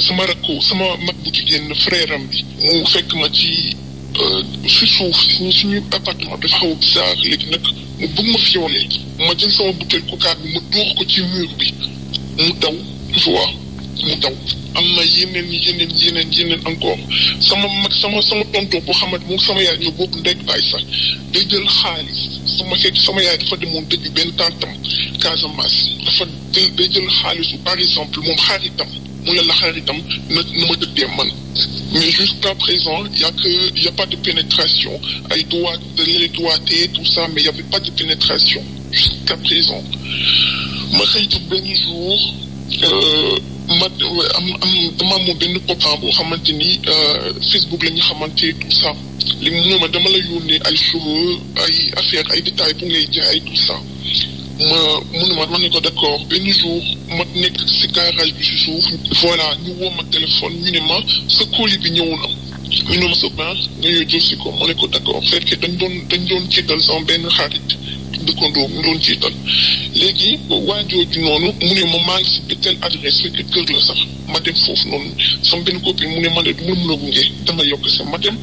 sama rakku sama mag bu jigéen frère am bi mu fekk ma ci euh, si suuf si suñu appartement dafa xaw a bizarre léegi nag mu bëgg ma fiyoonee ma jël sama butéel cocaïne bi mu dóor ko ci mur bi mu daw vois mu daw am na yeneen yeneen yeneen yeneen encore sama mag sama sama tonton boo xamante moom sama yaay ñoo bokk ndeg baay sax day jël xaalis sama xeet sama yaay dafa demoon dëj benn tantam Casamance dafa day jël xaalis par exemple moom xaritam mu yàlla xaar itam na nu ma tëddee man mais jusqu'à présent il y a que il y a pas de pénétration ay doigt les doigtés tout ça mais il y avait pas de pénétration jusqu'à présent ma xëy ci benn jour euh, ma am am dama amoon benn copain boo xamante euh, Facebook la ñu xamante tout ça li mu ma dama la yónnee ay cheveux ay affaire ay détails pour ngay jaay tout ça. Mouni man, man ekon d'akor. Beni jour, matenek sekay ralj di soujouf. Voila, nyo wou ma telefon. Mouni man, se kolib inyo ou nan. Mouni e man, se pwant. Mouni yo diyo si kon, man ekon d'akor. Fèrke, ten don, ten don tjetan zan ben harit. De kondo, don tjetan. Lègi, wanyo di nou nou, mouni man mank si petel adres weke kèr glasak. Maten fòf non. San ben kopi mouni man et moun mouno gounge. Ten mayok esen, maten.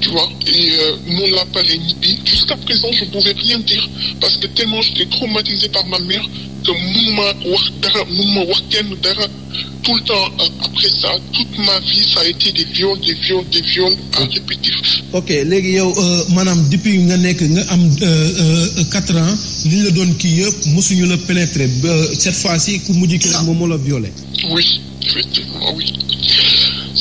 tu vois, et euh, nous Jusqu'à présent, je ne pouvais rien dire parce que tellement j'étais traumatisé par ma mère que tout le temps après ça, toute ma vie, ça a été des viols, des viols, des viols à Ok, les yow euh, depuis nga année euh, euh, ans cette fois-ci ah. oui effectivement oui.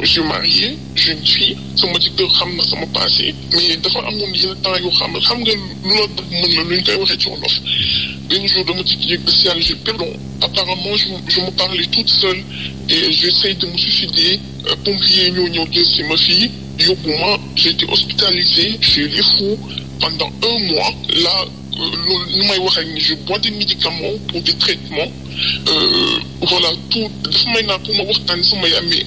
je suis marié j'ai une fille sama jëkkër xam na sama passé mais dafa amoon yenn temps yoo xam ne xam nga loolu mën na lu ñu koy waxee ci wolof un jour dama ci jékki yàlla j'ai pardon apparemment je je me parlais toute seule et j'essaye de me suicider euh, pompier ñoo ñëw jël si ma fille yóbbu ma j'ai été hospitalisé chez les fous pendant un mois là euh, loolu nu may je bois des médicaments pour des traitements euh, voilà tout dafa may naa pour me waxtaan dans yaay mais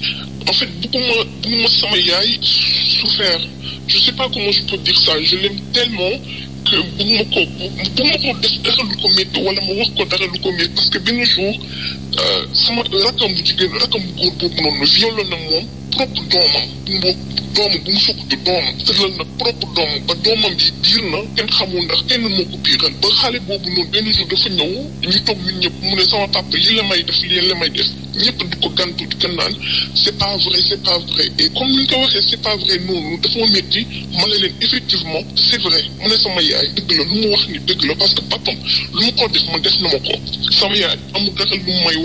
en fait, beaucoup moins, beaucoup moins sans Yai souffert. Je ne sais pas comment je peux dire ça. Je l'aime tellement que beaucoup beaucoup qu'on dessert le comité, ou alors qu'on dessert le Parce que bien le jour, sama rakkam bu jigéen rakkam bu góor boobu noonu violé na moom propre doomam bu mu doomam bu mu fukk di doomam tëral na propre doomam ba doomam bi diir na kenn xamul ndax kenn moo ko biiral ba xale boobu noonu benn jour dafa ñëw ñu toog ñun ñëpp mu ne sama papa yi la may def lii la may def ñëpp di ko gantu di ko naan c'est pas vrai c'est pas vrai et comme ni nga ko waxee c'est pas vrai noonu dafa ma métti ma ne leen effectivement c'est vrai mu ne sama yaay dëgg la lu mu wax ni dëgg la parce que papam lu mu ko def ma def na ma ko sama yaay amul dara lu may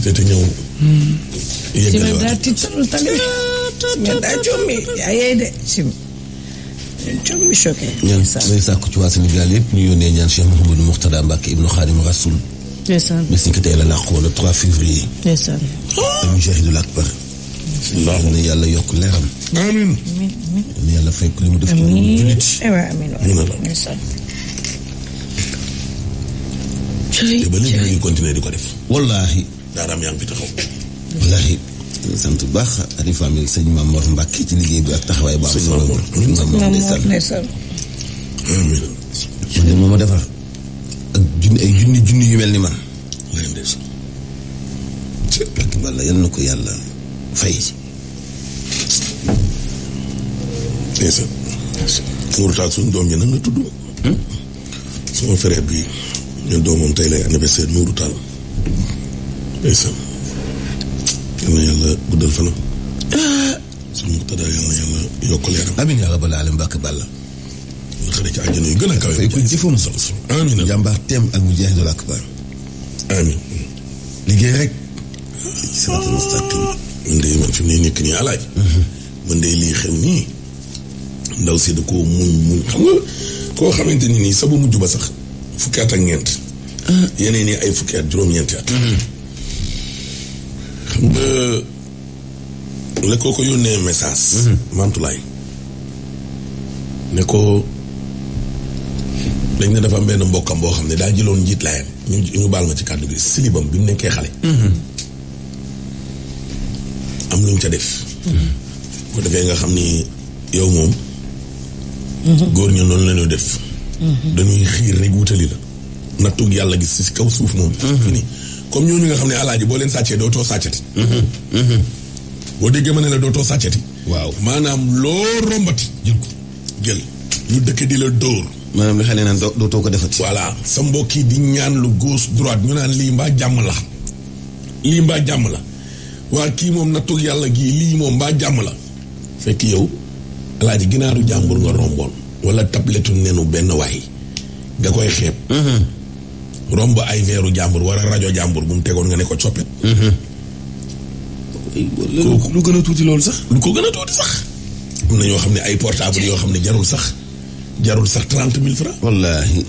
publicité te ñëw. yeggal waat si mi choqué. ñaan sàkku ci waa Sénégal yëpp ñu yónnee ñaan Cheikh Mouhamadou Mourtada Mbacke Ibnu Khadim Rasoul. ndeysaan bés ni ko tey la làq woon le 3 février. ndeysaan. dañu shahidul akbar. na yàlla yokk leeram. amiin. yàlla fay ko li mu def ci jullit. Eh amiin. te ba léegi ñu ngi continuer di ko def. wallaahi. daaraam yaa ngi fi taxaw. wallaahi sant bu baax Aliou Fahmi sëñ Mamour Mbacke ci liggéey bi ak taxawaay bu am solo. sëñ moom a defar ak junni ay junni junni yu mel ni man. wallaahi ndeysaan. walla yal na ko yàlla fay. ndeysaan. Nourou Tall suñu doom ji nan la tudd. Hmm? sama frère bi ñun doomam tey lay anniversaire Nourou Tall. ndeysaan yal na yàlla guddal fana su muqtada yal na yàlla yokk leeram amin yaa rabbal alamin bàkk bàlla la xare ci àjjana yu gën a kawe ku jëfoon sa rasul amin jàmbaar teem al mujahidul akbar amin liggéey rek siraatal mustaqim man de man fi mu ne nekk nii alaaj man de lii xew nii ndaw si da koo muñ muñ xam nga koo xamante ni nii sa bu mujj ba sax fukki at ak ñeent yeneen yi ay fukki at juróom-ñeenti at xam nga la koo ko yónnee message. Mm-hmm. Mantoulaye ne ko dañ ne dafa am benn mbokkam boo xam ne daa jëloon njiit laayam ñu ñu baal ma ci kàddu gi silibam bi ñu nekkee xale. Mm-hmm. am lu ca def. bu mm-hmm. defee nga xam ni yow moom. góor ñu noonu la def. dañuy xiir rek wutali la. nattu yàlla gis si kaw suuf moom. fi ni comme ñooñu nga xam ne alaaji boo leen sàccee dootoo sàccati. boo déggee ma ne la dootoo sàccati. waaw maanaam loo rombati. jël ko jël ñu dëkk di la dóor. maanaam li xale dootoo ko defati. voilà sa mbokk yi di ñaan lu gauche droite ñu naan lii mbaa jàmm la lii mbaa jàmm la waa kii moom nattu yàlla gii lii moom mbaa jàmm la. fekk yow alaaj ginaaru jàmbur nga romboon. wala tabletu nenu benn waay nga koy xeeb. Mhm. Romba ay veru jambour wara radio jambour bu mu tegon nga ne ko hmm lu gëna tuti tuuti sax. lu ko gëna tuti sax. am na ñoo xam ay portable yo xam jarul sax jarul sax 30000 francs. wallahi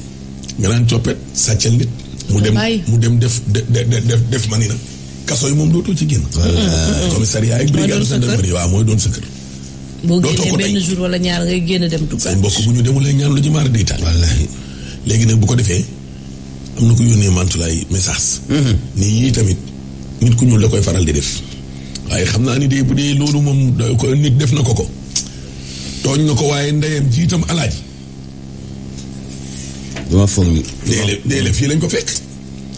nga naan coppet sàccal nit. mu dem mu dem def def def manina. na. kaso yi do dootoo ci génn. commissariat ay brigade gendarmerie wa moy doon sa kër. bo génnee ben jour wala ñaar ngay génn dem tukka say mbokk bu ñu demulé ñaan lu ci maar di tal wallahi légui nak bu ko défé am na ko yónnee Mantoulaye message. Mhm. ni yii tamit nit ku ñuul la koy faral di def. waaye xam naa ni de bu dee loolu moom nit def na ko ko. tooñ na ko waaye ndeyam jiitam alaaji. dama foog fii lañ ko fekk.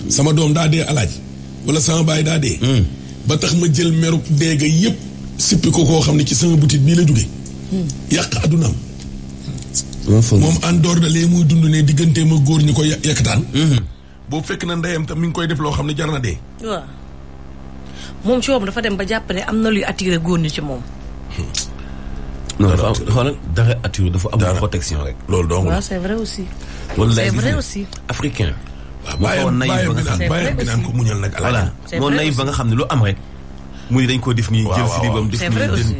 sama doom daa dee alaaji. wala sama baay daa dee. Mhm. ba tax ma jël meruk déega yépp sippi ko koo xam ne ci sama boutique bii la jóge mhm. yàq addunaam. mom andor da lay lee muy dund ne diggante ma góor ñi koy ya- hmm bo fekk na ndayam tam mi ngi koy def lo xam jarna jar na dee waaw moom ci dafa dem ba jàpp ne am luy attirer gor ñi ci mom hmm. non dafa xoolal dara attirer dafa am protection rek loolu do nga c'est vrai aussi wallahi c'est vrai aussi africain waaw moo naïf ba nga xam bàyyam bi nan ko muñal nak ala mo naïf ba nga xam lu am rek muy dañ ko def ni jël si bam def ni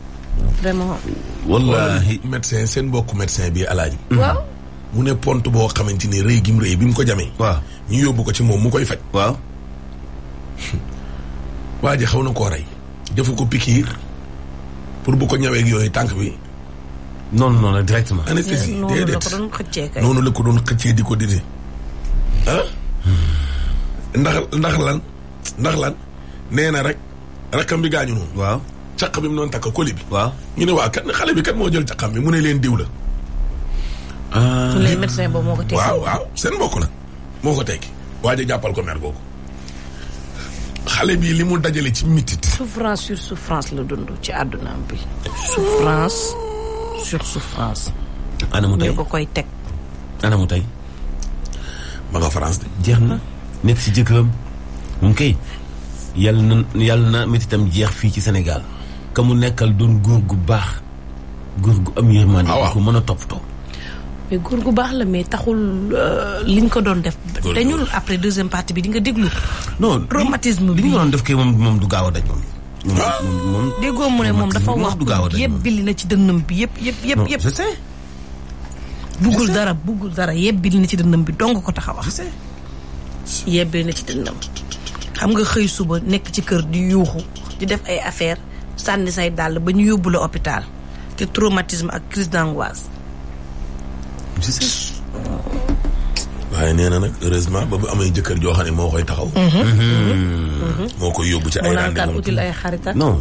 vraiment. wallaahi médecin seen mbokku médecin bi alaaji. Mm-hmm. waaw. mu ne pont boo xamante ni rëy gi mu rëy bi mu ko jamee. waaw ñu yóbbu ko ci moom mu koy faj. waaw. waa ji xaw na koo rey. defu ko pikiir pour bu ko ñawee yooyu tànk bi. noonu noonu la directement. anesthésie la ko doon xëccee di ko dindi. ah. Hmm. ndax ndax lan ndax lan nee na rek rakam bi gaañu noonu. caq bi mu doon takk koli ñu ne waa kan xale bi kan moo jël caqam bi mu ne leen diw la. ah léegi médecin boobu moo ko tekki. waaw waaw seen mbokk la moo ko tekki. waaja ko mer googu. xale bi li dajale ci mitit. souffrance sur souffrance la dund ci àddunaam bi. souffrance sur souffrance. anamu tey ñu ko koy teg. anamu tey. ma nga France de. jeex na nekk si mu ngi koy yàlla mititam jeex fii ci Sénégal. ka mu nekkal doon góor gu baax góor gu am yërmande. Ah, waaw ko mën a toppatoo. mais góor gu baax la mais taxul euh, liñ ko doon def. dañul après deuxième partie bi di nga déglu. non traumatisme bi li ñu doon def ko moom moom du gaaw a daj moom. Ah! déggoo mu moom dafa wax yëpp bili na ci dënnam bi yëpp yëpp yëpp yëpp. je dara buggul dara yëpp bili na ci dënnam bi dong ko tax a wax. yëpp na ci dënnam. xam nga xëy suba nekk ci kër di yuuxu di def ay affaire sanni say dal ba ñu yobul hôpital te traumatisme ak crise d'angoisse. waye nee nak heureusement ba bu amay jëkkeur jo xane mo koy taxaw. Mhm. Mhm. Mhm. moo koy yóbbu ci ay rendez-vous mo util ay xaritat non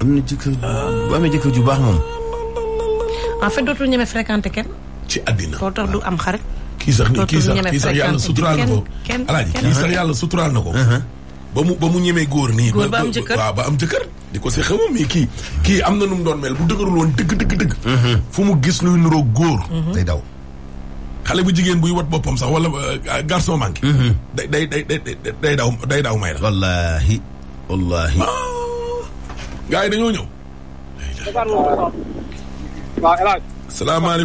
am na jëkkër bu amee jëkkeur ju baax mom en fait dootul ñeme fréquenté kenn. ci adina ko tax du am xarit. ki sax ni ki sax ki sax yalla sutural nako ko. alaaji kii sax yalla sutural nako ko. ba mu ba mu ñemee góor nii. góor ba waaw ba am jëkkër. di ko see xamam mais kii kii am na nu mu doon mel bu dëgërul woon dëgg dëgg mhm. fu mu gis nu niroog góor. Mhm. day daw xale bu jigéen buy wat boppam sax wala euh, garçon manqué. Mhm. day day daw day may la. wallaahi wallaahi. Ah. gars yi dañoo ñëw. waaw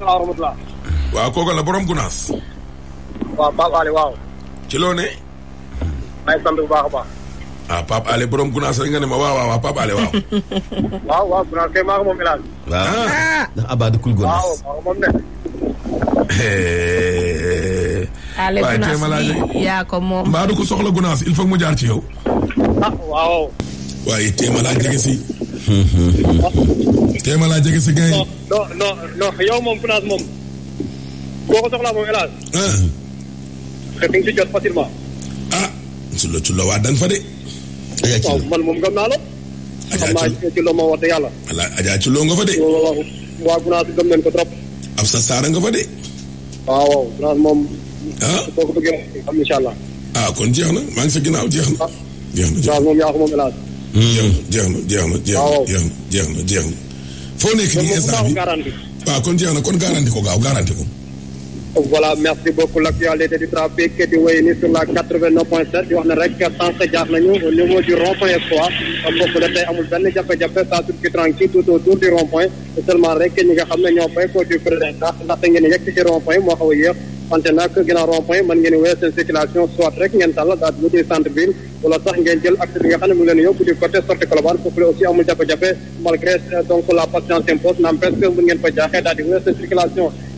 El waaw kooku la borom gunaas. ci loo maa a baax. Ah, Ale borom gunaas rek nga ma waaw waaw waaw Pape Ale waaw. waaw gunaas kay moom Ilaah. waaw ah. ndax Abba eh. gunaas. waaw maa soxla gunaas il faut mu jaar ci yow. Ah, waaw. waaye téema laa jege si. téema laa jege moom gunaas moom. boo ko soxlaa moom Ilaah. parce que su la ci la waa daan fa de. waaw man moom gëm ci loo nga fa de. waa Gunaas sa saara nga fa de. waaw Gunaas ah? ah kon jeex na maa ngi sa ginnaaw jeex na. Ah, jeex na jeex na moom yaa ko moom hmm, jeex na jeex na jeex na jeex na ah, jeex nekk nii instant bi kon jeex na kon garanti ko gaaw garanti ko. voilà merci beaucoup l'actualité du di wéy di wax ne rek sànq jaar nañu au niveau du rond point Foire foofu la tey amul benn tranquille tout autour du rek ñi nga xam ne ñoo bay ko du président ngeen yegg ci rond moo xaw a yéex wante nag ginnaaw rond ngeen wéy seen circulation soit rek ngeen tàll daal di centre ville wala sax ngeen jël accès bi nga xam ne mu ngi leen yóbbu du côté sortie Colobane foofu amul jafe-jafe malgré euh, donc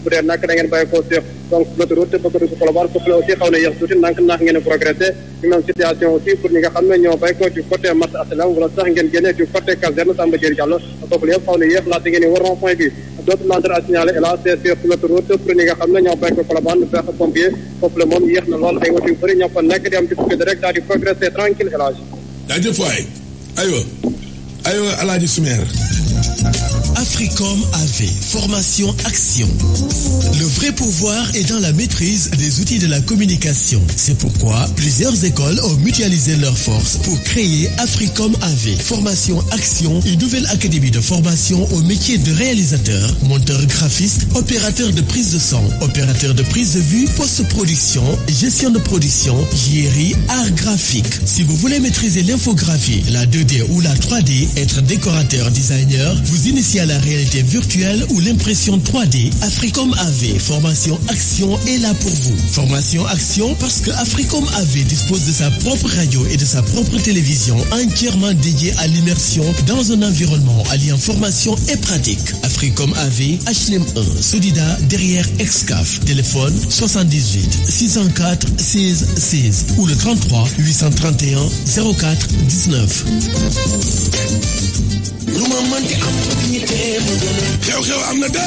bu dee nak da ngeen bàyyi koo sur donc l'autoroute bëgg dugg Colobane foofu la aussi xaw na yéex tuuti nank naax ngeen progressé même situation aussi pour ñi nga xam ne ñoo bàyyi koo ci côté Mat Aslam wala sax ngeen génnee ci côté caserne Samba Diéry Diallo foofu la yëpp xaw na yéex laata ngeen di war rond point bi d'autres mandarga à signaler hélas c'est sur l'autoroute pour ñi nga xam ne ñoo bàyyi ko Colobane feex pompier foofu la moom yéex na lool ay woto yu bëri ñoo fa nekk di am ci tukki direct daal di progressé tranquille hélas jaajëf waay aywa aywa alaaji Soumer Africom AV, formation action. Le vrai pouvoir est dans la maîtrise des outils de la communication. C'est pourquoi plusieurs écoles ont mutualisé leurs forces pour créer Africom AV, formation action, une nouvelle académie de formation au métier de réalisateur, monteur graphiste, opérateur de prise de son, opérateur de prise de vue, post-production, gestion de production, JRI, art graphique. Si vous voulez maîtriser l'infographie, la 2D ou la 3D, être décorateur, designer, vous initiez la réalité virtuelle ou l'impression 3D, Africom AV Formation Action est là pour vous. Formation Action parce que Africom AV dispose de sa propre radio et de sa propre télévision entièrement dédiée à l'immersion dans un environnement alliant formation et pratique. Africom AV HLM1 Soudida derrière Excaf. Téléphone 78 604 16 16 ou le 33 831 04 19. lu ma mënti am dignité xew-xew am na de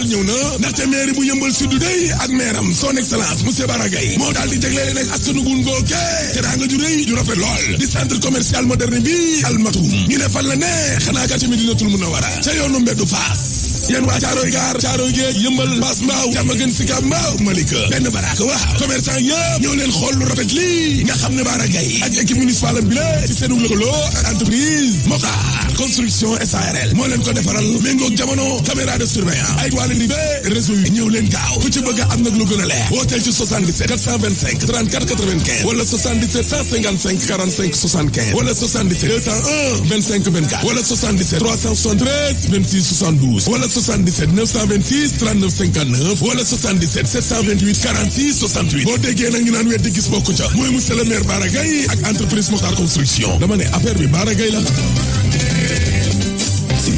al ñëw na ndaxte mairie bu yëmbal sud day ak mairam son excellence monsieur Baragay moo daal di jagleel nag askanu gun gooke te daa nga ju rëy ju rafet lool di centre commercial moderne bi Almatoum ñu ne fan la ne xanaa gàcce mi dinatul mun a wara ca yoonu mbeddu Faas yéen waa Caaroy Gaar Caaroy Géej yëmbal Bass Mbaaw Diamaguène Sicap Mbaaw Malika benn baraaka waaw commerçant yëpp ñoo leen xool lu rafet lii nga xam ne Baara Gaye ak équipe municipale bi la ci seen lëkkaloo ak entreprise Mokaar construction SARL moo leen ko defaral méngoog jamono caméra de surveillance ay toile rivée réseau yi ñëw leen gaaw ku ci bëgg am nag lu gën a leer wooteel ci 77 425 34 95 wala 77 155 45 75 wala 77 201 25 24 wala 77 373 26 72 wala 77 926 39 59 wala 77 728 46 68 boo déggee nag ñu naan weddi gis bokku ca mooy monsieur le maire Bara Gaye ak entreprise Mokhtar construction dama ne affaire bi Bara Gaye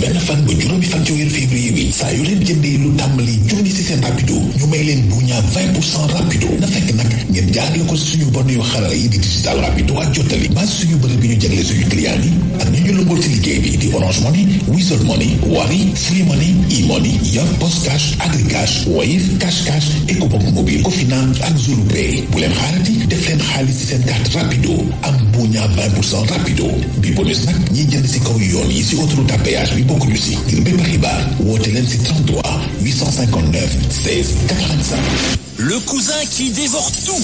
benn fan ba juróomi fan ci weeru février bi saa yu leen jëndee lu tàmbali junni si seen rapido ñu may leen buña rapido na fekk nag ngeen jaarale ko suñu bon yu xarala yi di digital rapido ak jottali ba suñu bërëb bi ñu jagle suñu client yi ak ñu ñu lëngool ci liggéey bi di orange money wizall money wari free money e money yor post cash agri wave cash cash ecobank mobile cofina ak zulu pay bu leen xaarati def leen xaalis si seen carte rapido am 859 Le cousin qui dévore tout.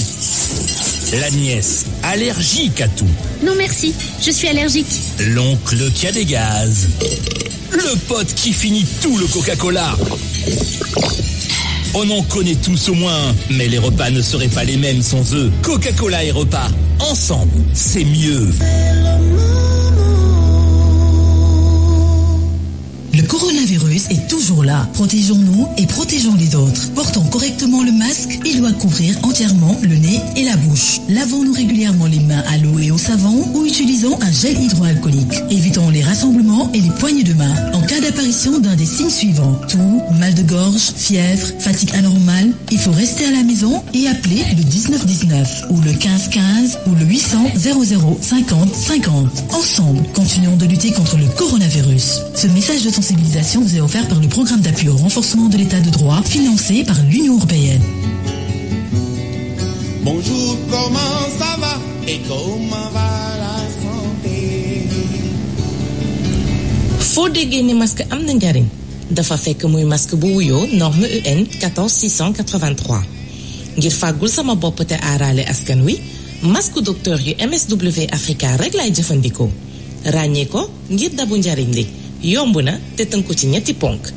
La nièce, allergique à tout. Non merci, je suis allergique. L'oncle qui a des gaz. Le pote qui finit tout le Coca-Cola. Oh on en connaît tous au moins, mais les repas ne seraient pas les mêmes sans eux. Coca-Cola et repas, ensemble, c'est mieux. coronavirus est toujours là. Protégeons-nous et protégeons les autres. Portons correctement le masque. Il doit couvrir entièrement le nez et la bouche. Lavons-nous régulièrement les mains à l'eau et au savon ou utilisons un gel hydroalcoolique. Évitons les rassemblements et les poignées de main. En cas d'apparition d'un des signes suivants, tout, mal de gorge, fièvre, fatigue anormale, il faut rester à la maison et appeler le 1919 ou le 1515 ou le 800 00 50 50. Ensemble, continuons de lutter contre le coronavirus. Ce message de sensibilité vous est offert par le programme d'appui au renforcement de l'état de droit financé par l'Union européenne. Bonjour, comment ça va et comment va la santé Faut dégainer masque am na fait dafa fekk muy masque bu EN norme UN e 14683 ngir fàggul sama bopp te aaraale askan masque docteur yu MSW Africa rek laay jëfandikoo ràññee ko ngir dabu yomb na te tënku ci ñetti ponk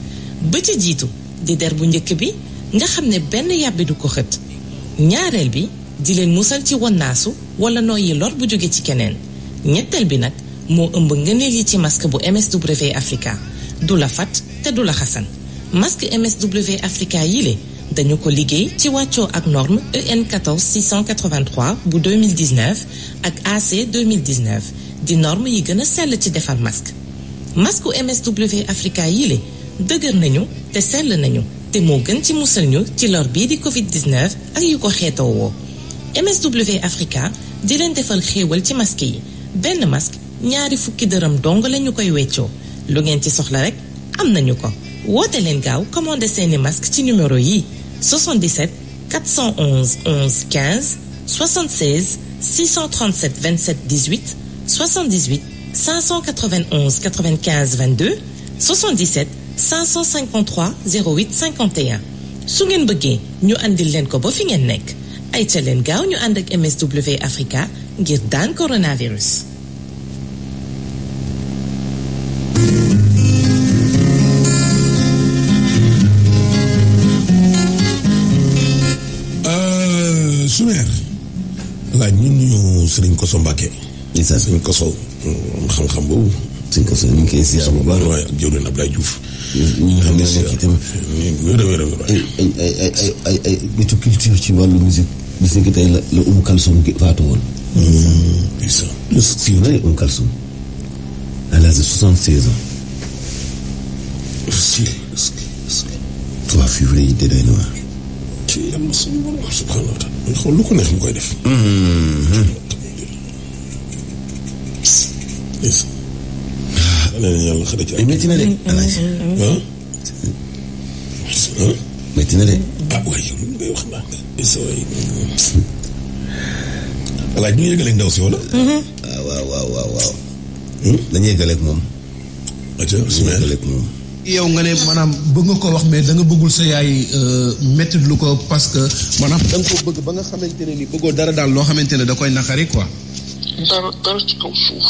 ba ci jiitu di der bu njëkk bi nga xam ne benn yàbbi du ko xët ñaareel bi di leen musal ci wannaasu wala yi lor bu jóge ci keneen ñetteel bi nag moo ëmb ngëneel yi ci masque bu MSW Africa du la fat te du la xasan masque MSW Africa yile dañu ko liggéey ci wàccoo ak norme EN 14 683 bu 2019 ak AC 2019 di norme yi gën a sell ci defar masque masque MSW Africa yi le nañu te sell nañu te mo gën ci musal ñu ci lor bi di Covid 19 ak yu ko MSW Africa di leen defal xéewal ci masque yi benn masque ñaari fukki dërëm dong lañu koy weccoo lu ngeen ci soxla rek am nañu ko woote leen gaaw commandé seeni masque ci numéro yi 77 411 11 15 76 637 27 18 78 591 95 22 77 553 08 51 su ngeen ñu andil leen ko ba fi ngeen ay MSW Africa ngir coronavirus. Soumer, ñun ñu ci sax suñ ko sow xam-xam boobu suñ ko sow ñu ngi koy ziar bu baax waaye ak jëwriñ Abdoulaye Diouf ñi nga xam ne nekk itam wér a wér a wér ay ay ay ay ay nitu culture ci wàllu musique gis nga tey la la Oum Kalsoum gi faatu woon siiw na ne Oum Kalsoum à l'âge de soixante seize ans trois février yi te doy na waar ci yàlla suñu borom subhanahu wa taala xool lu ko neex mu koy def is ah, leneen yàlla xëy ci ay. na de. Mm, mm, mm, ah? Ah? métti na de. ah waaye yow li ndaw si wala. Mm-hmm. waaw waaw waaw waaw. Hmm? dañuy yëgaleeg moom. ati su yow nga ne maanaam bëgg nga ko wax mais da nga bëggul sa yaay euh, métti lu ko parce que maanaam da nga ko bëgg ba nga xamante ne ni bëggoo dara daal loo xamante ne da koy naqari quoi. dara dara ci kaw suuf.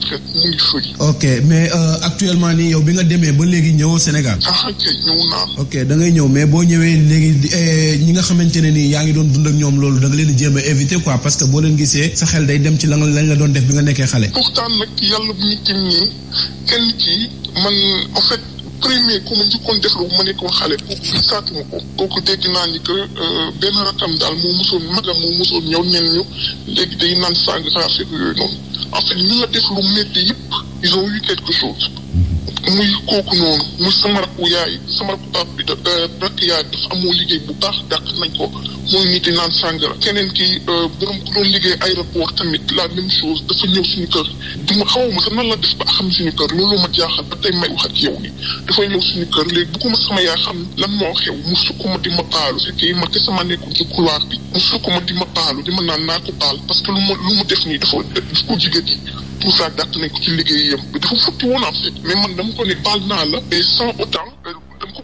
mu ngi fëy. ok mais euh, actuellement nii yow bi nga demee ba léegi ñëwoo Sénégal. ah kay ñëw naa. ok da ngay ñëw mais boo ñëwee léegi eh, ñi nga xamante ne nii yaa ngi doon dund ak ñoom loolu da leen jéema jéem a quoi parce que boo leen gisee sa xel day dem ci la lañ la doon def bi nga nekkee xale. pourtant nag yàlla bu ñu kenn kii man en premier ku ma njëkkoon déglu bu ma nekkoon xale kooku fi saatuma ko kooku dégg que euh, ben ratam dal mo musul magam mo musul ñëw neen ñu léegi day naan sang rafet yooyu non en fait nous la def lu métti ils ont eu quelque chose muy kooku noonu mu sama rakku yaay sama rakku pap bi da rakk dafa amoo liggéey bu baax dàq nañ ko mooy nit di naan sàngara keneen ki euh, borom ku doon liggéey aéroport tamit la même chose dafa ñëw suñu kër du ma xaw ma sax nan la def ba xam suñu kër loolu ma jaaxal ba tey may wax yow ni dafa ñëw suñu kër léegi bëgguma sama yaay xam lan moo xew mu sukk ma di ma baalu fekkee ma kese sama nekkul ci couloir bi mu sukk ma di ma baalu di ma naan naa ko baal parce que lu ma lu mu def nii dafa def jigéen yi pour ça dàq nañ ko ci liggéeyam bi dafa futti woon en fait mais man dama ko ne baal naa la et sans autant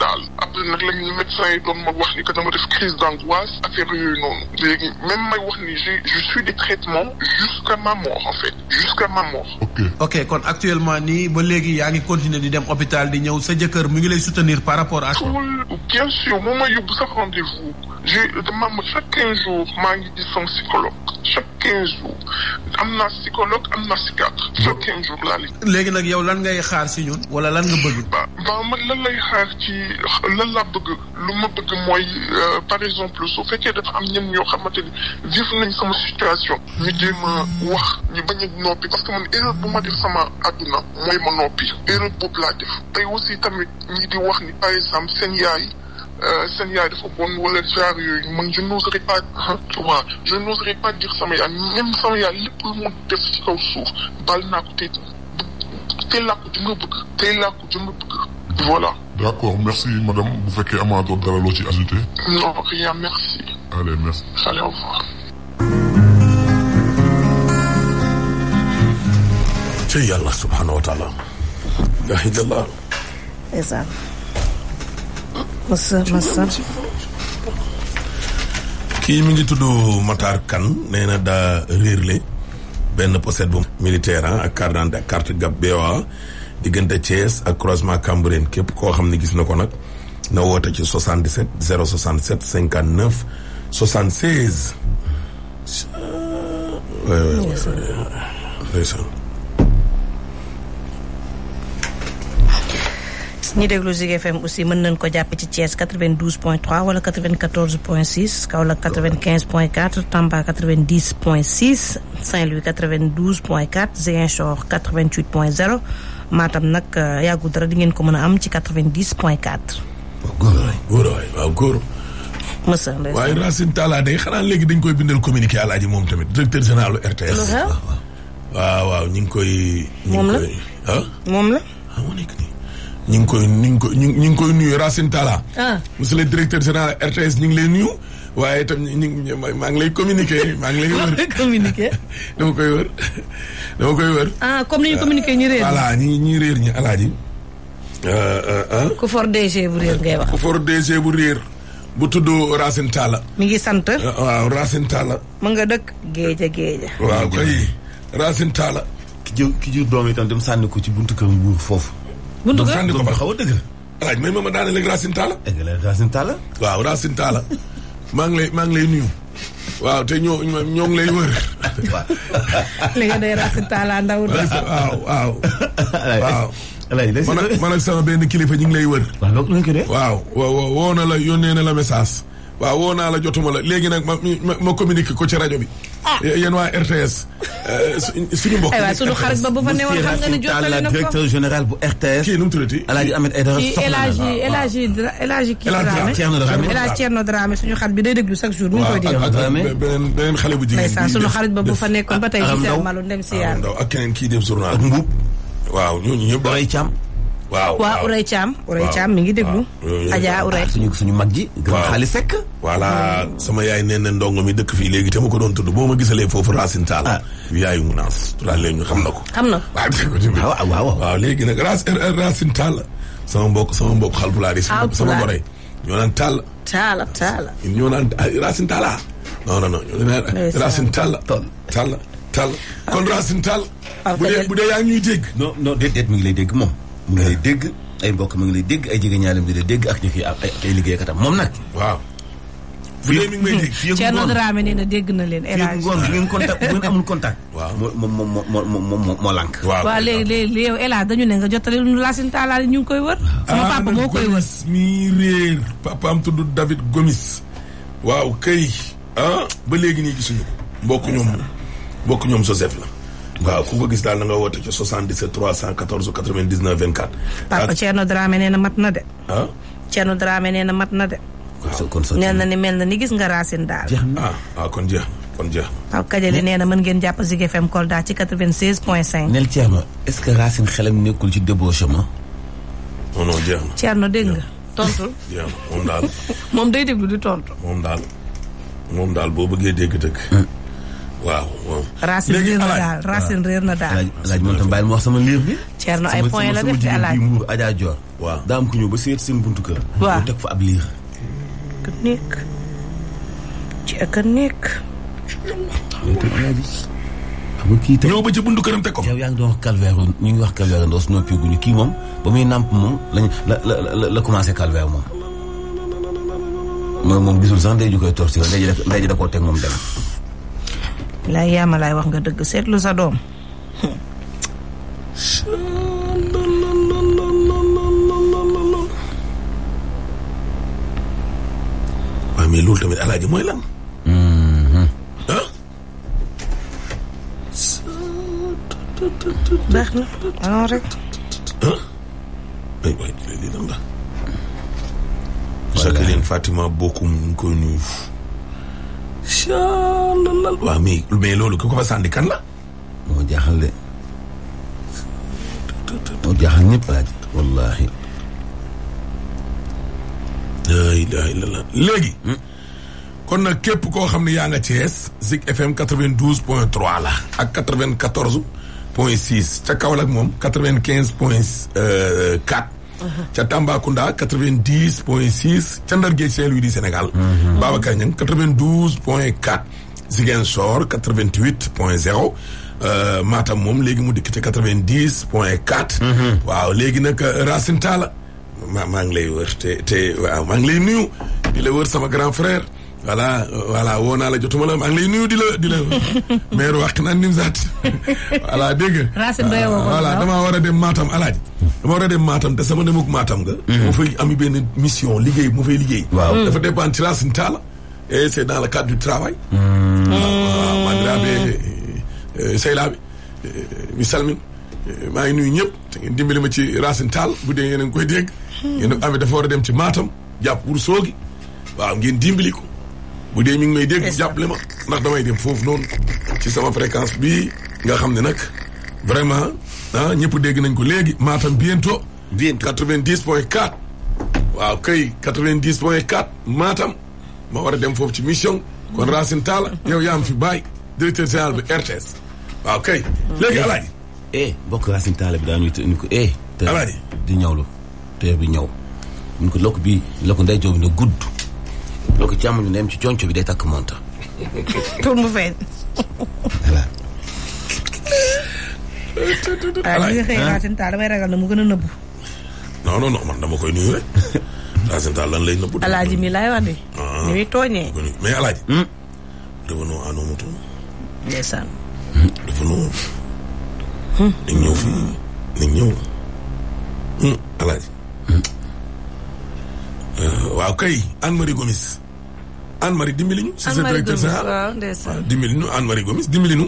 dal après nak la ni médecin yi doon ma wax ni que dama def crise d'angoisse affaire yooyu noonu léegi même may wax ni je je suis des traitements jusqu'à ma mort en fait jusqu'à ma mort. ok ok kon actuellement nii ba léegi yaa ngi continuer di dem hôpital di ñëw sa jëkkër mu ngi lay soutenir par rapport à. bien sûr moo ma yóbbu sax rendez-vous demande chaque 15 jours je psychologue chaque 15 jours suis un psychologue un psychiatre chaque jour, jours Qu'est-ce yow lan ngay xaar ñun. wala lan nga bëgg. lan lay xaar ci lan bëgg euh, par exemple su dafa am ñoo ni situation. ñu jéem a je parce que mon erreur bu ma sama ma erreur def. aussi tamit ñi di wax ni par exemple seen euh, Seigneur, il faut qu'on nous laisse faire euh, man, Je n'oserais pas, hein, tu vois, je n'oserais pas dire ça, mais même ça, il est a le plus long de ce qu'il y a C'est là que je me bouge, c'est là que je me bouge. Voilà. D'accord, merci madame. Vous faites qu'il y dans la logique ajoutée Non, rien, merci. Allez, merci. Allez, au revoir. Tu y a Allah subhanahu wa ta'ala. Yahid Allah. Exact. kii mi ngi tudd Matar Kan nee na daa réerle benn pochette bu militaire ak carte gab BOA diggante Thiès ak croisement Cambérène képp koo xam ne gis na ko nag na woote ci 77 067 59 76. ndeysaan ñi déglu Zik FM aussi mën nañ ko jàpp ci Thiès 92 point 3 wala 94 point 6 Kaolack 95 point 4 Tamba 90 point 6 Saint-Louis 92 point 4 Ziguinchor 88 nag euh, yàggul dara di ngeen ko mën a am ci 90 point 4. góor waay góor waay waaw góor. Moussa Ndeye waaye koy bindal communiqué alaaji moom tamit directeur général RTS. waaw waaw ñu ngi koy. ñu moom la ah? moom la ah, ñu ngi koy ñu ngi koy ñu ngi koy nuyu Racine Talla. Ah. le directeur général RTS ñu ngi lay nuyu. waaye itam ñu ngi maa ngi lay communiquer maa ngi lay wër. communiquer. dama koy wër ah, comme ni ñu communiquer ñu réer ñi. voilà ñi ñi réer ñi alaaji. Euh, euh, ku for DG bu réer ngay wax. ku for DG bu réer. bu tudd Racine Talla. mu ngi sant. Euh, waaw Racine Talla. mu nga dëkk. Géeja Géeja. waaw kay Racine Talla. ki jël ki jur doom itam dem sànni ko ci buntu kam nguur foofu. buntu kër sànni ko fa xaw a dëgg la. alaaj may ma ma daane léegi Racine Talla. dëgg la Racine Talla. waaw Racine Talla maa ngi lay maa ngi lay nuyu. waaw te ñoo ñoo ngi lay wër. léegi day Racine Talla ndaw. waaw waaw. waaw. man ak man ak sama benn kilifa ñu ngi lay wër. waaw waaw woo na la yónnee na la message. waaw woo naa la jotuma la léegi nag ma ma communiqué ko ci rajo bi. Eh, yéen waa RTS. Eh, suñu mbokk aywa suñu xarit ba bu fa newoon xam nga ne jottali na ko directeur général bu RTS. kii nu mu tuddati El Hadj Ahmed Aïdara soxna la kii El Hadj El Hadj kii Dramé El Hadj Thierno Dramé suñu xarit bi day déglu chaque jour. waaw ak beneen beneen xale bu jigéen bi suñu xarit ba bu fa nekkoon ba tey. Aram Ndao Aram Ndao ak keneen kii def journal. ak Mbuub waaw ñooñu ñëpp. Doroy Thiam. waaw waaw Uray Thiam. Uray Thiam mi ngi déglu. Adja Uray ah, suñu suñu mag ji. waaw xaali sekk. voilà sama yaay nee na ndongo mi dëkk fii léegi te ma ko doon tudd boo ma gisalee foofu Racine Tall. Ah. xam na ko. xam na ko ah, waaw waaw waaw léegi er, er, sama mbokk sama mbokk xalpulaar yi. sama gore ñoo naan Tall. Tall Tall. ñoo naan Racine Tall. non non non ñoo naan Racine Tall. Tall kon Racine Tall. bu dee yaa ñuy dégg. non non déedéet mi ngi lay moom. mi dégg ay mbokk mi ngi lay dégg ay jege ñaalem di dégg ak ñu fi ak ay liggéeykatam moom nag waaw fu dee mi dégg na leen élage ngoon ngeen contact bu ngeen amul contact waaw moom moom moo moo moo ñu laasin koy wër sama ah, papa moo koy wër am tudd David Gomis waaw kay ah, ba léegi nii gisuñu ko mbokk ñoom mbokk ñoom Joseph la waaw ku ko gis daal na nga woote ci 77 314 99 24. Papa Thierno Dramé nee na mat na de. ah Thierno Dramé nee na mat na de. kon sa nee na ni mel na ni gis nga racine daal. Ah, ah kon jeex kon jeex. waaw Kajali nee na mën ngeen si Zik FM Kolda ci 96 point 5. nel Thierno est-ce que racine xelam nekkul ci débauchement. non non jeex na. Thierno dégg nga tontul. moom daal. moom day déglu di tontu. moom daal moom daal boo bëggee dégg dëgg. waaw waaw réer na daal racine réer na daal. laaj moom tam bàyyi ma wax sama livre bi. Thierno ay point la def seen buntu kër. teg kii tam ñëw ba ci buntu këram ko. ñu ngi wax calvaire moom la la la commencé calvaire moom. mooy moom gisul sax ndey ju koy torturer ndey ji da koo teg moom dem. laay yaama laay wax nga dëgg seetlu sa doom waaw mais loolu tamit alaaji mooy lan mm-hmm. baax na alors rek ay waay lii lan la saka leen Fatima bokkum ñu ngi koy nuyu chalal waaw mais mais loolu ki ko fa sànni kan la. moo jaaxal de moo jaaxal ñëpp laaj wallaahi. laa ilaaha illallaah léegi. Hmm? kon nag képp koo xam ne yaa nga Thiès Zik FM quatre vingt douze point trois la ak quatre vingt quatorze point six ca Kaolack moom euh, quatre vingt quinze point quatre. ca Tambacounda 90 point 6 ca Ndar Géej Saint-Louis du Sénégal. Mhm. Babacar Niang 92 point 4. Ziguinchor 88 point 0. Euh, Matam moom léegi mu dikk ci 90 point 4. Mhm. waaw léegi nag euh, Racine Talla maa maa ngi lay wër te te waaw maa ngi lay nuyu di la wër sama grand frère. voilà voilà woo naa la jotuma la maa ngi lay nuyu di la di la maire wax naan nim zaat voilà dégg voilà damaa war a dem Matam alaaji dama war a dem maatam te sama demuk Matam nga mhm. mu fay ami benn mission liggéey mu fay liggéey waaw dafa dépendre ci Racine Talla et c'est dans le cadre du travail waaw mandiraaɓe sehlaaɓe mi euh, maa ngi nuyu ñëpp te ngeen dimbali ma ci Racine Talla bu dee yéen a koy dégg ngeen hmm. ami dafa war a dem ci maatam jàpp Ourossogui waaw ngeen dimbali ko bu dee ñu ngi may dégg jàppale ma ndax damay dem foofu noonu ci sama fréquence bi nga xam ne nag vraiment ah ñëpp dégg nañ ko léegi Matam bientôt. bientôt quatre vingt dix point quatre. waaw kay quatre vingt dix point ma war a dem foofu ci mission. kon Racine Talla yow yaa am fi bàyyi directeur général bi RTS. waaw kay. léegi eh, Alaaji. eh bokk Racine Talla bi daañu ñu ko eh. di ñawlu teer bi ñaw. ñu ko lokk bi lokk ndey jooju na gudd. boo ko jàmm ñu dem ci bi day takk monta pour mu feeñ. voilà. ah li nga xëy Racine Tall damay mu gën a nëbbu. non non non man dama koy nuyu rek. Racine Tall lan lay nëbbu. alaaji mi laay wax de. Ah, ni hmm? hmm? hmm, euh, waaw kay Anne Marie Gomis. Anne Marie dimbali ñu. si sa directeur général waaw ndeysaan Gomis dimbali ñu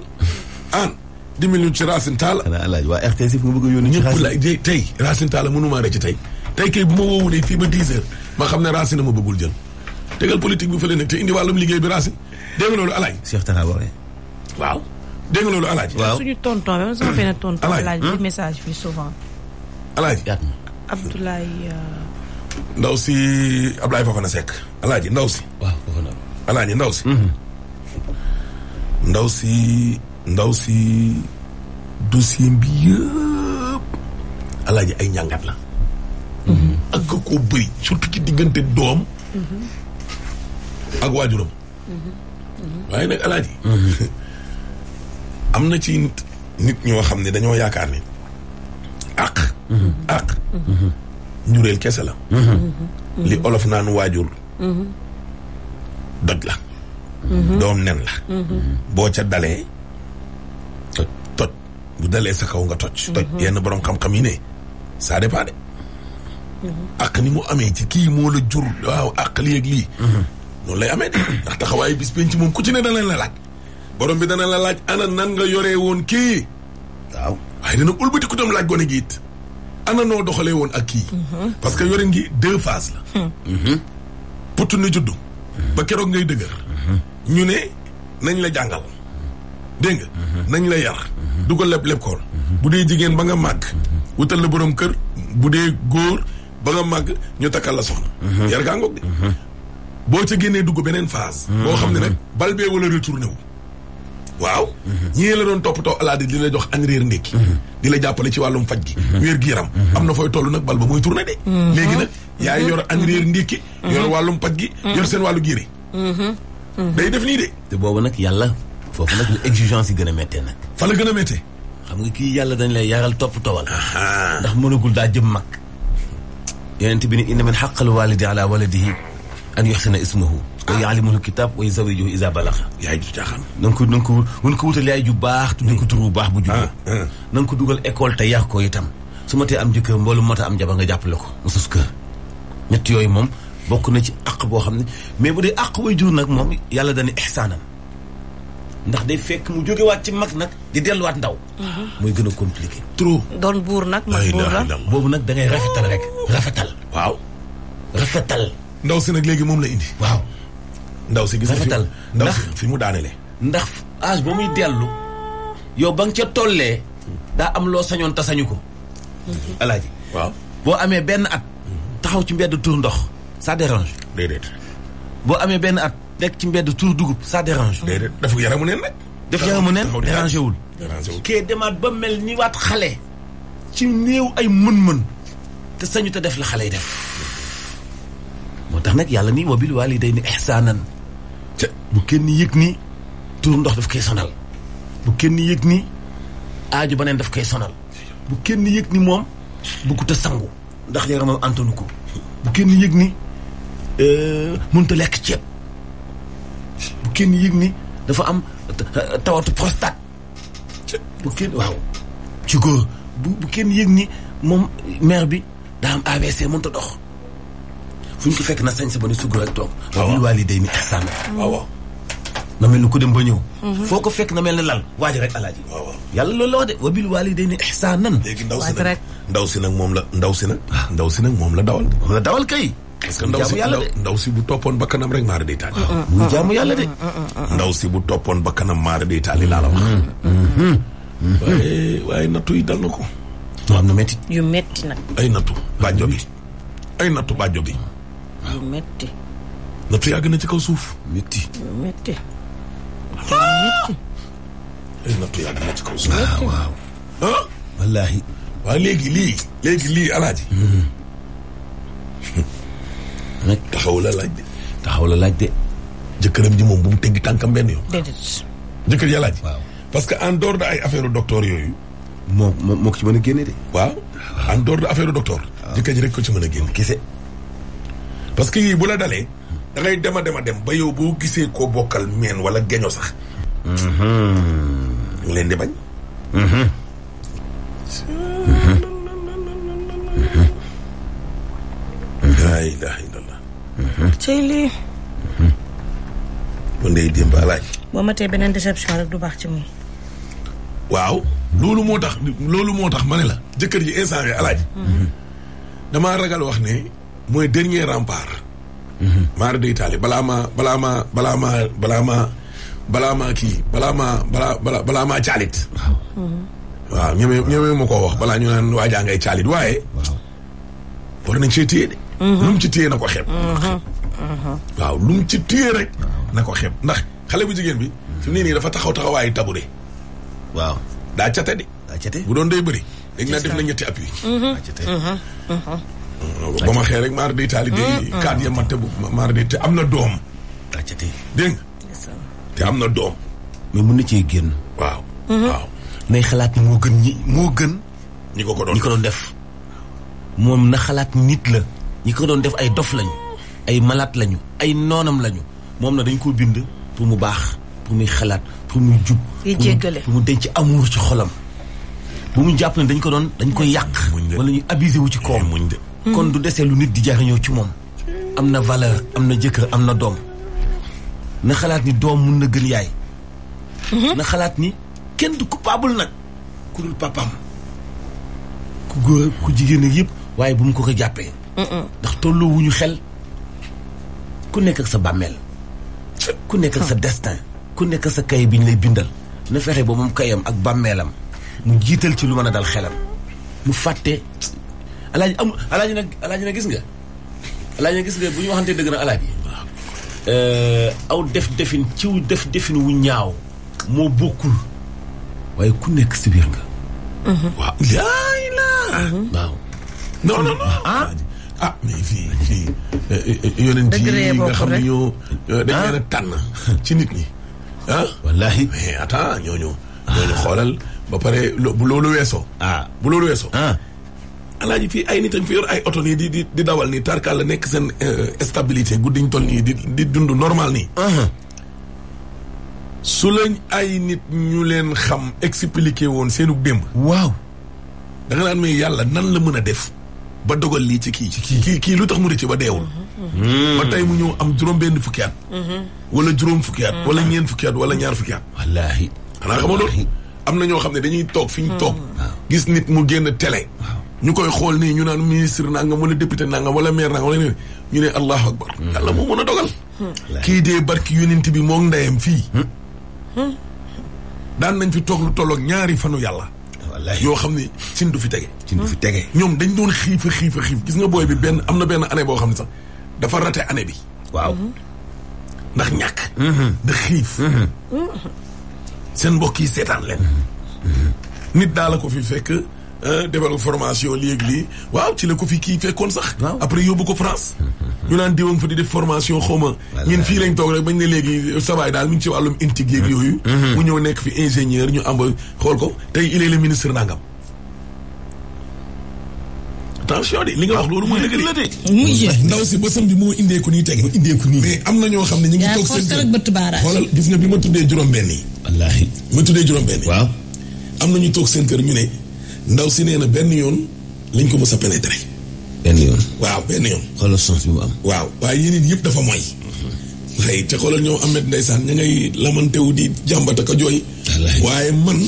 Anne dimbali ñu ci Racine Talla. waa RTS yëpp nga bëgg a yónni. ci Racine ñëpp la tey Racine Talla mënuma rëcc tey bu ma woowulee fii ba 10 heures ma xam ne Racine ma bëggul jël tegal politique bi fële nag te indi wàllum liggéey bi Racine dégg nga loolu El waaw dégg nga loolu El hmm? message bi souvent. El Hadj Abdoulaye. Euh, ndaw si Abdoulaye Fofana Seck El Hadj Ndaw si. alaaji ndaw si mhm. ndaw si ndaw si dossier bi yëpp alaaji ay njàngat la ak mhm. ka koo surtout ci diggante doom mhm. ak waajuram waaye nag alaaji am na ci nit ñoo xam ne dañoo yaakaar ne àq àq njureel kese la li olof naan waajur doj la mhm. doom nen la mhm. boo ca dalee toj toj bu dalee sa kaw nga toj mhm. toj yenn borom xam-xam yi ne ça dépend de ak ni mu amee ci kii moo la jur waaw ak lii ak lii noonu lay amee de ndax taxawaayu bis penc moom ku ci ne dana la laaj borom bi dana la laaj ana nan nga yoree woon kii waaw waaye dana ulbati ku tam laaj gone gi ana noo doxalee woon ak kii parce que yorin gi deux phases la hmm. put ni juddu ba keroog ngay dëgër. ñu ne nañ la jàngal. dégg nga nañ la yar. du ko leb leb kool. bu dee jigéen ba nga màgg. wutal la borom kër bu dee góor ba nga màgg ñu takkal la soxna. Mhm. yar gaa ngoog de. Mhm. boo ca génnee dugg beneen phase. Mhm. boo xam ne nag bal bee wala retourné waaw ñi la doon toppatoo alaadi di la jox añ réer ndékki di la jàppale ci wàllum faj gi wér gi yaram am na fooy toll nag bal ba mooy tourné de léegi nag yaay yor añ réer ndékki yor wàllum faj gi yor seen wàllu giire day def nii de te boobu nag yàlla foofu nag exigence yi gën a méttee nag fa la gën a méttee xam nga kii yàlla dañ lay yaral topp towal ndax mënagul daa jëm mag yonent bi ni inna min xaqal walidi ala waladihi an yoxsina ismahu ويعلمه الكتاب ويزوجه إذا بلغ yaay ju caaxaan na nga ko na nga ko na nga ko wutal yaay ju baax tudde ko tur bu baax bu jugee na nga ko dugal école te yar ko itam su ma tee am jëkkër mboolu mata am jabar nga jàppale ko mu sus kër ñett yooyu moom bokk na ci àq boo xam ne mais bu dee àq way jur nag moom yàlla dana ixsaanam ndax day fekk mu jógewaat ci mag nag di delluwaat ndaw mooy gën a compliqué trop doon buur nag mag buur la boobu nag da ngay rafetal rek rafetal waaw rafetal ndaw si nag léegi moom la indi waaw ndaw si gis nga ndaw si fi mu daanele ndax âge ba muy dellu yow ba nga ca tollee daa am loo sañoon ta sañu ko waaw boo amee benn at taxaw ci mbedd tuur ndox sa dérange boo amee benn at nekk ci mbedd tuur dugub ça dérange déedéet dafa yaramu neen nag daf yaramu neen dérangé wul kee demaat ba mel ni waat xale ci néew ay mën-mën te sañu te def la xale yi def moo tax nag yàlla ni wa bil waalidayni ihsaanan bu kenn yéeg ni tuur ndox daf koy sonal bu kenn yéeg ni aajo ba beneen daf koy sonal bu kenn yëg ni moom bëggut a sangu ndax yaramam antanu ko bu kenn yëg ni euh, mënut a lekk ceeb bu kenn yëg ni dafa am tawatu prostate bu kenn waaw ci góor bu kenn yéeg ni moom mère bi daa am AVC mënut a dox fu ñu ko fekk na sañ sa ba ne sugg rek toog. waaw waaw. na mel ni ku dem ba ñëw. Mhm. foo ko fekk na mel ni lal waaj rek alaaji. yàlla loolu la wax de wa bil waalidayni ihsaanan. ndaw si nag moom la ndaw si nag. Ah. ndaw si nag moom la dawal. moom la dawal kay. parce que ndaw si bu toppoon ba kanam rek maara day taali. ñu jaamu si bu toppoon ba kanam la wax. Mm-hmm, mm-hmm, mm-hmm. waaye waaye nattu yi dal na ko. mu am yu métti nag. ay nattu bàjjo bi ay nattu bàjjo bi. yu métti. nattu yàgg na ci kaw suuf. yu métti. nattu wallaahi. waaw léegi lii. léegi lii alaaji. Hmm. nag laaj de. taxaw la laaj de. jëkkëram ji moom bu mu teggi tànkam benn yoon. jëkkër ji waaw parce que en door de ay affaire docteur yooyu. moo moo ko ci mën a génne de. waaw en dehors de affaire docteur. jëkkër ji rek ci mën a génne. kese. parce que yii bu la dalee. da ngay dem a dem a dem ba yow boo gisee koo bokkal meen wala geño sax. Mm-hmm. leen di bañ. Mm-hmm. Mm-hmm. laa ilaha illallah. cëy lii. mu ndey démb alaaj. boo matee beneen déception rek du baax ci moom. waaw loolu moo tax loolu moo tax ma ne la. jëkkër ji instant bi alaaj. damaa ragal wax ne mooy dernier rempart. maara day taali balaa maa balaa maa balaa maa balaa maa balaa maa kii balaa maa balaa balaa maa caalit waaw ñeme ñeme ma koo wax balaa ñu naan waajaa ngay caalit waaye war nañ see téye de mhm. lu mu ci téye na ko xeeb mhm. Mhm. waaw lu mu ci téye rek na ko xeeb ndax xale bu jigéen bi fi mu ne nii dafa taxaw taxawaayu tabure waaw daa cate de bu doon day bëri dañ naa def na ñetti appui ba ma xëy rek maar day taali mm, day mm. kaat ya ma tegu maar day te am na doom acca tey te am na doom mais mun na cee génn mm-hmm. waaw nay xalaat moo gën ñi moo gën ñi ko ko doon ñi def moom na xalaat nit la ñi ko doon def ay dof lañu ay malaat lañu ay noonam lañu moom na dañ koo bind pour mu baax pour muy xalaat pour muy jub pour mu denc amour ci xolam bu mu jàpp ne dañ ko doon dañ koy yàq wala ñuy abusé wu ci eh, koom Mm-hmm. kon du dese lu nit di jariñoo ci moom. am na valeur am na jëkkër am na doom na xalaat ni doom mun na gën yaay. Mm-hmm. na xalaat ni kenn du coupable nag ku dul papaam ku góor ku jigéen ak yëpp waaye bu mu ko ko jàppee. ndax tolloo wuñu xel ku nekk ak sa bàmmeel. ku nekk ak sa mm-hmm. destin. ku nekk sa kay bi ñu lay bindal. na fexe ba moom kayam ak bàmmeelam mu jiital ci lu mën a dal xelam mu fàtte alaaji amul alaaji nag alaaji gis nga alaaji nag gis nga bu ñu waxantee dëgg na alaaji euh, aw def defin ciw def defin wu ñaaw moo bokkul waaye ku nekk si biir laay mhm. laa mhm. waaw non non non ah, ah mais fii fii euh, euh, yonent yi nga xam ne ñoo dañ ah. leen a tànn ci nit ñi ah wallaahi mais attends ñooñu xoolal ba pare bu loolu weesoo ah. bu loolu weesoo alaaji fii ay nit a fi yor ay oto nii di di di dawal nii tarkaal la nekk seen eh, stabilité guddiñ ñu toll nii di di dund normal nii. su lañ ay nit ñu leen xam expliqué woon seenu démb. waaw da nga naan mais yàlla nan la mën a def ba dogal lii ci kii. ci kii kii lu tax mu ci ba deewul. Hmm. ba tey mu ñëw am juróom benn fukki at. Hmm. wala juróom fukki at. Hmm. wala ñeent fukki at wala ñaar fukki at. wallaahi. xanaa xamoo doon am na ñoo xam ne dañuy toog fi ñu toog. gis nit mu génn télé. ñu koy xool nii ñu naan ministre nangam wala député nangam wala maire nangam wala ñu ne ñu ne allahu akbar. yàlla moo mën a dogal. kii dee barki yonent bi moom ndeyam fii. daan nañ fi toog lu ñaari fanu yàlla. yoo xam ne cin du fi tege. cin du fi tege. ñoom dañ doon xiifa xiifa xiif gis nga booy bi benn am na benn année boo xam ne sax dafa raté année bi. waaw ndax ñàkk. Mm-hmm. da xiif. Mm-hmm. seen mbokk yi seetaan leen. Mm-hmm. nit daal la ko fi fekk. Euh, defal formation lii ak waaw ci la ko fi kii fekkoon sax. après yóbbu ko France. ñu naan diwoon fa di def formation xaw ma. ñun fii lañ toog rek bañ ne léegi euh, sabaay daal mu ngi ci wàllum intique yeeg mm-hmm. yooyu. Mm-hmm. ñëw nekk fi ingénieur ñu am xool ko tey il est le ministre nangam. nga wax loolu mooy dëgg la de. Ah, ndaw si bësam bi moo indee ko nii tege. indee ko nii mais am na ñoo xam ne ñu ngi toog seen. yaa xoolal gis nga bi ma tuddee juróom-benn yi. wallaahi ma tuddee juróom-benn waaw am na ñu toog seen ñu ne ndaw si nee na benn yoon liñ ko mës a pénétrer. benn yoon waaw benn yoon. xoolal chance bi waaw waaye yeneen yëpp dafa mooy. waaye mhm. te xoolal ñoom Ahmed ndeysaan ña ngay lamantewu di jàmbat ak a jooy. waaye man.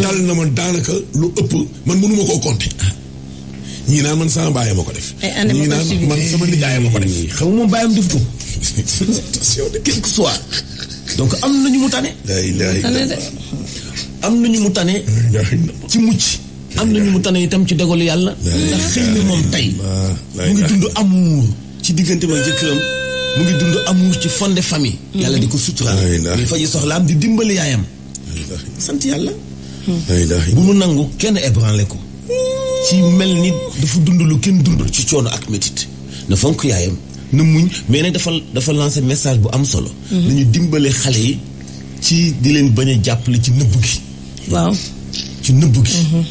dal na ma daanaka lu ëpp man mënu ma koo compter. Ah. ñii naan man sama bàyyi ma ko def. ñii naan man sama nijaay ma ko def. xam nga moom bàyyam def ko. attention de quelque soit. donc am na ñu mu tane. am ñu mu tane ci mucc am na nañu mu tane itam ci dogalu yàlla ndax xëy na moom tey mu ngi dund amour ci diggante ma jëkkëram mu ngi dund amour ci fond de famille yàlla di ko suturaal di faji soxlaam di dimbali yaayam sant yàlla bu mu nangu kenn ébranlé ko ci mel ni dafa dund lu kenn dund ci coono ak métit na fonk yaayam na muñ mais nag dafa dafa lancé message bu am solo mm-hmm. nañu dimbale xale yi ci di leen bañ jàppale ci nëbb gi waaw ci nëbb gi mhm.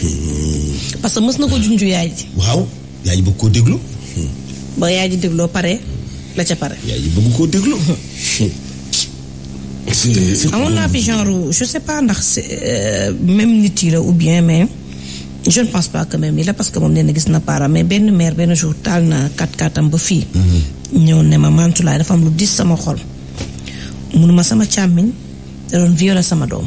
hmm. parce que mës na ko yaay waaw yaay ji bëgg ba la je sais pas euh, même nit ou bien mais je ne pense pas que même Là, parce que moom nee gis na para mais benn maire benn jour taal na kat katam ba fii mhm. ñëw ne ma dafa am lu dis sama xol munuma sama càmmiñ da doon violer sama doom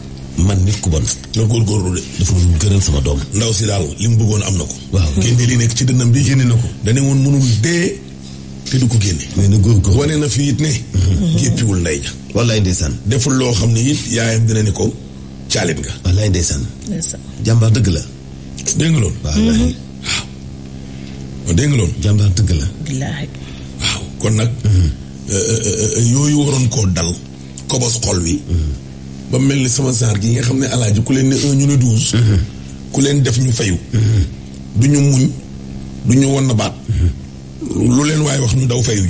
man nit ku bon. nga góorgóorlu de. dafa doon gënal sama doom. ndaw si daal li mu bëggoon am na ko. waaw génne li nekk ci dënnam bi génne na ko. dañu woon mënul dee te du ko génne. nee na na fi it ne. Mm-hmm. géppiwul ndey ja. wallaay ndeysaan. deful loo xam ni yaayam dina ni ko caalit nga. wallaay ndeysaan. ndeysaan jàmbaar dëgg la. loolu. wallaay mm-hmm. waaw. dëgg la. billaahi. waaw kon nag. Mm-hmm. Euh, euh, euh, yooyu waroon koo dal kobos xol wi. ba mel ni sama saar gi nga xam ne alaaji ku leen ne un ñu ne douze ku leen def ñu fayu du ñu muñ du ñu won na baat lu leen waaye wax ñu daw fayu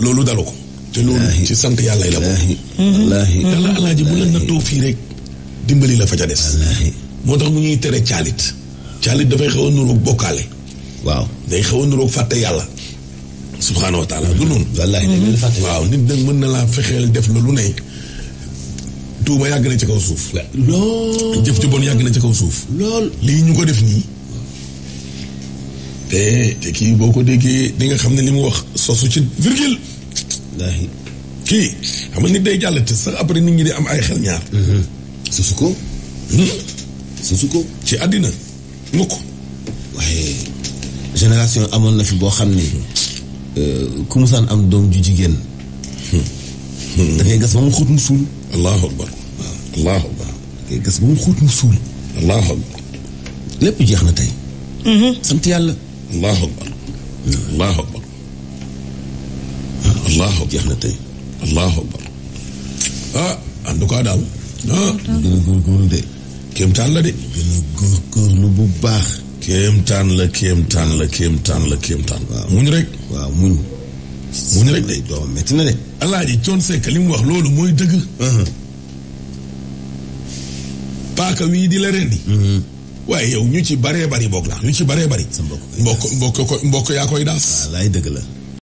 loolu dal ko te loolu ci sant yàlla la moom yàlla alaaji bu la nattoo fii rek dimbali la fa ca des moo tax mu ñuy tere caalit caalit dafay xaw a nuroog bokkaale waaw day xaw a nuroog fàtte yàlla subhaanahu wa taala du noonu wallaahi waaw nit nag mën na laa fexeel def la lu ne tuuma yàgg na ci kaw suuf. lool jëf ju bon yàgg na ci kaw suuf. lool lii ñu ko def nii. te kii boo ko déggee di nga xam ne li mu wax sosu ci virgule. kii xam nga nit day jàllate sax après nit ñi di am ay xel ñaar. Mm-hmm. sosu ko. Hmm? sosu ko. ci àddina mukk waaye génération amoon na fi boo xam ni euh, ku am doom ji jigéen. Hmm. Hmm. da gas ba mu xóot mu suul. allahu akbar allahu akbar kay gas ba mu xóot mu suul allahu akbar lépp jeex na tey mm-hmm. sant yàlla allahu akbar allahu akbar ah. allahu jeex na tey allahu akbar ah en tout cas daal ah gën a góorgóorlu de kéemtaan la de gën a góorgóorlu bu baax kéemtaan la kéemtaan la kéemtaan la kéemtaan muñ rek waaw muñ mu ne rek day doom métti na de. alaaji coon sekk li mu wax loolu mooy dëgg. Uh-huh. paaka wii di la rendi. Uh-huh. waaye yow ñu ci baree bari bokk la ñu ci baree bari. mbokk mbokk mbokk yaa koy daas. waaw dëgg la.